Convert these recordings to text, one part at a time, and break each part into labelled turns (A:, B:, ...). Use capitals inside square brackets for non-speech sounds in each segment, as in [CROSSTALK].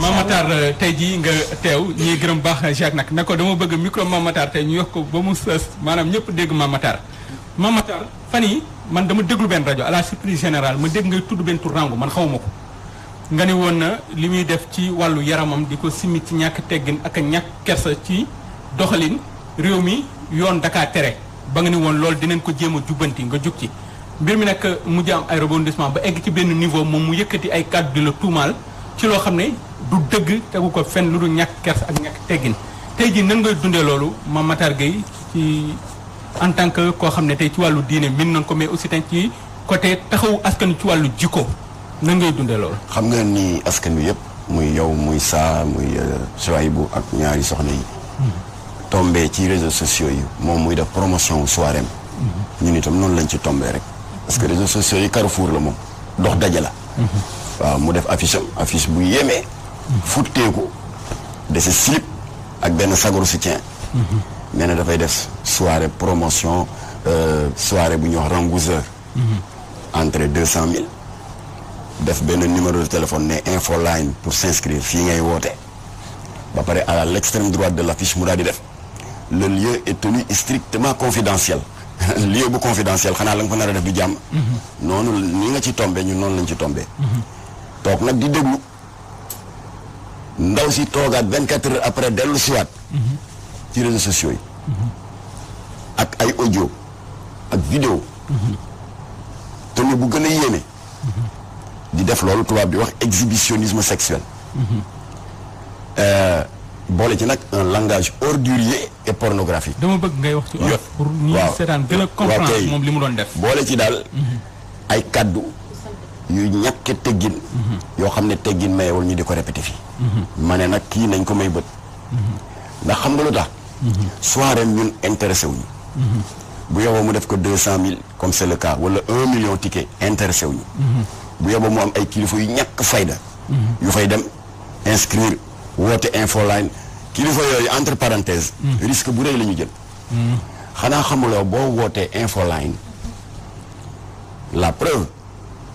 A: Mamatar euh, tey jii nga teew ñuy gërëm baax Jacques nag ne ko dama bëgg micro Mamatar tey ñu yokk ko ba mu sës maanaam ñëpp dégg Mamatar Mamatar fan yi man dama déglu benn rajo à la surprise générale ma dégg ngay tudd benn tur rangu man xawuma ko nga ne woon na li muy def ci wàllu yaramam di ko simmi ci ñàkk teggin ak ñàkk kersa ci doxalin réew mi yoon Dakar tere ba nga ni woon loolu dinañ ko jéem a jubbanti nga jóg ci mbir mi nag mu jaam ay rebondissement ba egg ci benn niveau moom mu yëkkati ay kàddu la tuumaal ci loo xam ne du dëgg tegu ko fen lu du ñàkk kers ak ñàkk teggin tey jii nan ngay dundee loolu ma Matar Gueye ci en tant que koo xam ne tey ci wàllu diine min nañ ko mais aussi tamit ci côté taxawu askan ci wàllu jikko nan ngay dundee loolu.
B: xam nga nii askan bi yëpp muy yow muy saa muy euh, bu ak ñaari soxna yi. tombé ci réseaux sociaux yi moom muy def promotion soirée mhm. ñun itam noonu lañ ci tombee rek. parce que réseaux sociaux yi carrefour la moom dox daje waaw mu def affiche am affiche bu fouté ko de ce slip ak ben sagaru soutien. Mhm. néna na fay def soirée promotion euh, soirée bu ñu wax Rangouzeur. Mhm. entrée deux cent def ben numéro de téléphone ne info line pour s'inscrire fi ngay woté ba paré à l'extrême droite de l'affiche mu di def. le lieu est tenu strictement confidentiel. [LAUGHS] lieu bu confidentiel xana la nga fa nar def du jam mhm. nonu ni nga ci tombé ñu noonu lañ ci tombé. toog nag di déglu ndaw si toogaat vingt quatre heures après dellu siwaat mm-hmm. ci réseaux sociaux yi mm-hmm. ak ay audio ak vidéo mm-hmm. te ne bu gën a yéeme di def loolu tubaab di wax exhibitionnisme sexuel euh, boole ci nag un langage ordurier et pornographique
A: dama bëgg ngay wax ci pour ñu seetaan gën a comprendre moom li mu doon def boole ci daal
B: ay kaddu yu ñàkke teggin yoo xam ne teggin mayewul ñu di ko répété fii ma ne nag kii nañ ko may bët ndax xam nga lu tax soirée ñun intéressé bu yoboo mu def ko deux cent mille comme c'est le cas wala un million ticket intéressé wuñu bu yoboo mu am ay kilifa yu ñàkk fayda yu fay dem inscrire woote infoline kilifa yooyu entre risque bu rëy la jël mm. xanaa xamuloo boo wootee infoline la preuve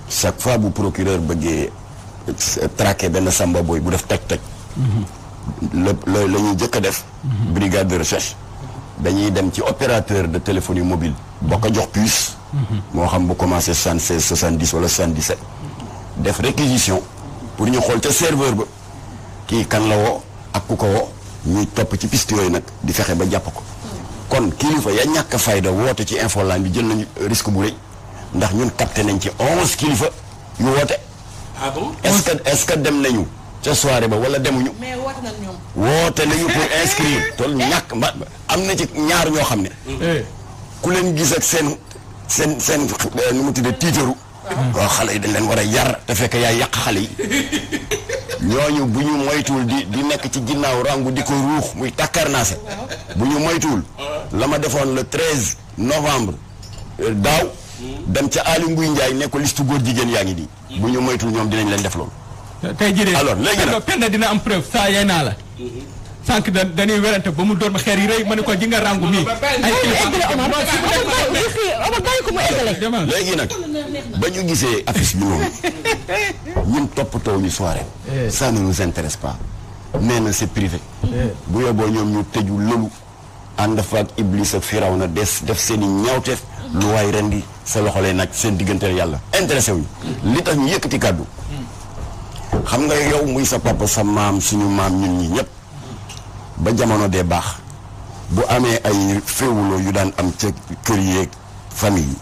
B: chaque fois bu procureur bëggee euh, traqué benn samba boy bu def toj-toj. la la la ñuy jëkk a def. Mhm. brigade de recherche. dañuy dem ci opérateur de yu mobile. ba ko jox plus mhm. moo xam bu commencé soixante seize soixante dix wala soixante di sept. def réquisition pour ñu xool ca serveur ba kii kan la woo ak ku ko woo ñuy topp ci piste yooyu nag di fexe ba jàpp ko. Mhm. kon kilifa ya ñàkk fayda woote ci infoline bi jël nañu risque bu rëy. ndax ñun capté nañ ci onze kilifa yu woote. ah bon dem nañu. ca soirée ba wala demuñu. woote nañ ñoom. pour inscrire. tool ñàkk mba am na ci ñaar ñoo xam ne. Eh. ku leen gis ak seen seen seen eh, nu mu tuddee tiitaru. Ah. waaw xale yi dañ leen war a yar. te fekk yaa yàq xale yi [LAUGHS] ñooñu bu ñu moytuwul di di nekk ci ginnaaw rangu di ko ruux muy se bu ñu moytuwul. Ah. la ma defoon le treize novembre euh, daaw. dem ca ali Ngouille Ndiaye ne listu góor jigéen yaa ngi nii. bu ñu moytul ñoom dinañ leen def loolu. tey jii alors léegi nag
A: Penda dina am preuve saa yee sànq da dañuy werante ba mu door xeer yi rëy ma ne ko ji nga ràngu nii. ay léegi nag ba
B: ñu gisee affiche bi noonu ñun toppatoo ñu soirée. ça ne nous intéresse pas. nee na c'est privé. bu yóbboo ñoom ñu tëju lëlu ànd fa ak Iblis ak Firawna des def seen i ñaawteef. lu waay rendi sa loxo lay nag seen digganteel yàlla intéressé wuñu li tax ñu yëkkati kàddu xam nga yow muy sa papa sa maam suñu maam ñun ñi ñëpp ba jamono dee baax bu amee ay féewuloo yu daan am ca kër yeeg famille yi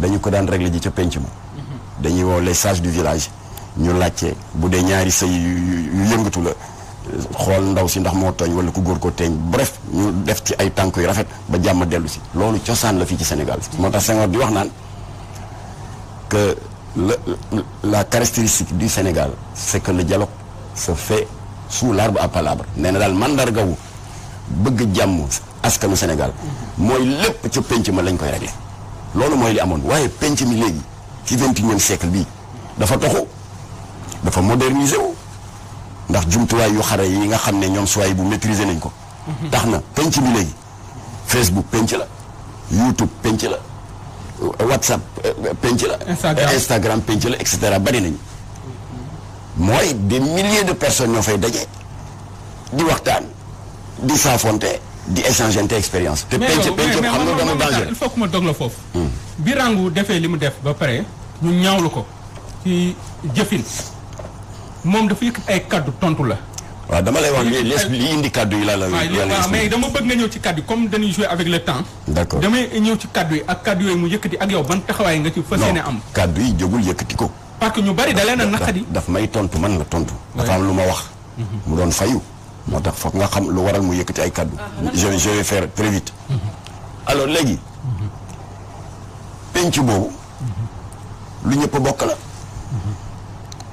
B: dañu ko daan régler ji ca penc ma dañuy woo les sages du village ñu laajte bu dee ñaari sëy yu yëngatu la xol ndaw si ndax moo tooñ wala ku góor ko teeñ bref ñu def ci ay tànk yu rafet ba jàmm dellu si loolu cosaan la fii ci Sénégal moo tax Senghor di wax naan que la la caractéristique du Sénégal c'est que le dialogue se fait sous l'arbre à palabre nee na daal mandargawu bëgg jàmm askanu Sénégal mooy lépp ci penc ma lañ koy réglé loolu mooy li amoon waaye penc mi léegi ci 21 et siècle bii dafa toxu dafa moderniser wu ndax jumtuwaay yu xare yi nga xam ne ñoom suwaay bu maîtriser nañ ko. tax na penc bi léegi Facebook penc la YouTube penc la WhatsApp eh, penc la. Instagram penc la et cetera bari nañ mooy des milliers de personne ñoo fay daje di waxtaan di saafonte di échanger te expérience. te penc penc xam nga dama danger il
A: faut ma dog la foofu. Hmm. bi defee li mu def ba pare ñu ñaawlu ko ci jëfin. mom dafa yëkkat ay cadeau tontu la.
B: wa dama lay wax li li indi cadeau yi la la. mais dama
A: bëgg nga ñëw ci cadeau comme dañuy jouer avec le temps. d'accord dama ñëw ci cadeau ak cadeau yi mu yëkkati ak yow ban taxaway nga ci fassiyene am.
B: cadeau yi jogul yëkkati ko.
A: parce que ñu bari da leena a
B: daf may tontu man la tontu. dafa am luma wax. Mhm. mu doon fayu. motax tax nga xam lu waral mu yëkkati ay cadeau ah, je je vais faire très vite. Mhm. alors légui mhm. penc bobu lu ñëpp bokk la.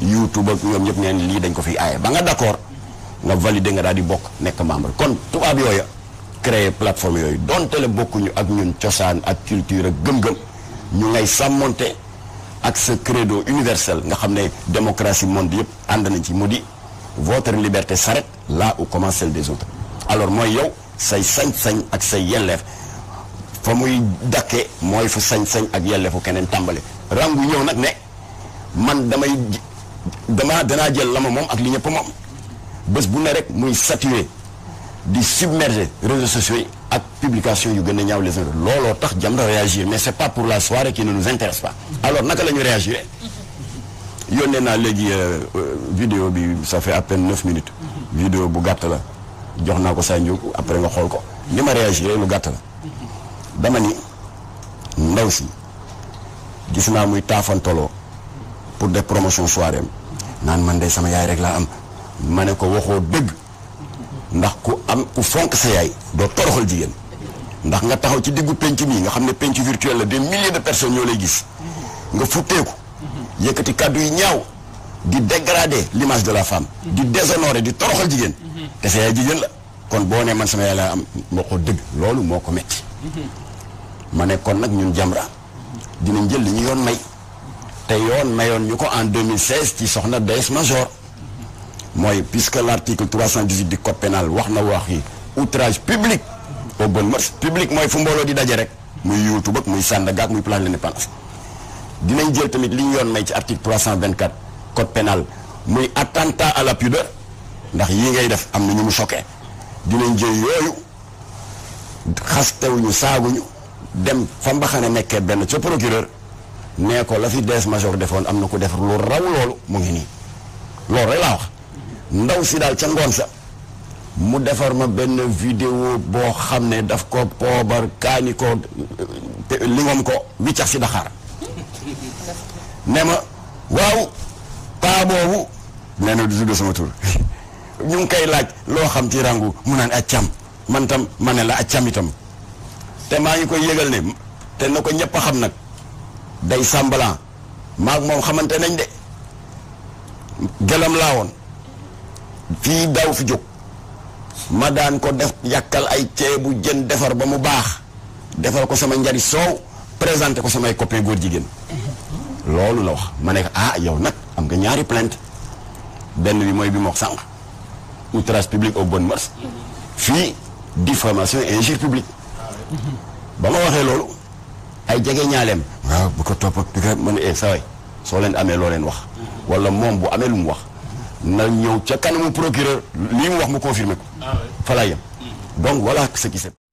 B: youtube ak ñoom ñëpp neen lii dañ ko fi aaye ba nga d'accord nga validé nga daal di bokk nekk membre kon tubaab yooya créer plateforme yooyu donte le bokkuñu ak ñun cosaan ak culture ak gëm-gëm ñu ngay sàmmoonte ak sa credo universel nga xam ne démocratie monde yëpp ànd nañ ci mu di votre liberté s'arrête là où commence celle des autres alors mooy yow say sañ-sañ ak say yelleef fa muy dakke mooy fa sañ-sañ ak yelleefu keneen tàmbale rangu ñëw nag ne demain dana jël la ma moom ak li ñëpp moom bés bu ne rek muy saturé di submerger réseaux sociaux yi ak publication yu gën a ñaaw les uns looloo tax Jamra réagir mais c'est pas pour la soirée qui ne nous intéresse pas alors naka la ñu réagir yónnee naa léegi euh, euh, vidéo bi ça fait à peine neuf minutes vidéo bu gàtt la jox naa ko saa après nga xool ko ni ma réagir lu gàtt la dama ni ndaw si gis naa muy taafantoloo pour des promotions soirée naan man de sama yaay rek laa am ma ne ko waxoo dëgg ndax ku am ku fonk sa yaay doo toroxal jigéen ndax nga taxaw ci diggu penc mii nga xam ne penc virtuel la des milliers de personnes ñoo lay gis nga futteeku yëkkati kàddu yi ñaaw di dégrader l'image de la femme di déshonorer di toroxal jigéen te sa yaay jigéen la kon boo ne man sama yaay laa am moo ko dëgg loolu moo ko metti ma ne kon nag ñun Jamra dinañ jël li ñu yoon may te yoon mayoon en 2016 ci soxna Déesse Major moy puisque l'article 318 du code pénal waxna wax yi outrage public au bon mars public moy fu mbolo di dajé rek muy Youtube ak muy Sandaga ak muy plan de l'Indépendance dinañ jël tamit li ñu may ci article 324 code pénal muy attentat à la pudeur ndax yi ngay def amna ñu mu choqué dinañ jël yooyu xastewuñu saaguñu dem fa mbaxane nekké ben ci procureur ne ko la fi dess major defoon am na ku def lu raw lolou mo ngi ni loolu rek la wax ndaw si dal ci ngon sa mu defar ma ben vidéo bo xam daf ko pobar kani ko lingom ko si daxaar ne ma waaw paa boobu nee du tudd sama tour [LAUGHS] ñu kay laaj lo xam ci rangu mu naan accam man tam manela itam te ma ngi koy yegal ne te nako ñepp xam nak day sàmbalan maag moom xamante nañ de gëlam laa woon fii daw fi jóg ma daan ko def yàkkal ay ceebu jën defar ba mu baax defar ko sama njari soow présenté ko samay copain góor jigéen loolu la wax ma ne ah yow nag am nga ñaari plaint benn bi mooy bi ma wax sànq outrage public aux bonnes mœurs fii diffamation et injure ba ma waxee loolu ay jege ñaaleem. waaw bu ko topp di ko mën a saway soo leen amee loo leen wax. wala moom bu amee lu mu wax. na ñëw ca kan kanamu procureur li mu wax mu confirmer ko. Ah fa laa mm. donc voilà ce qui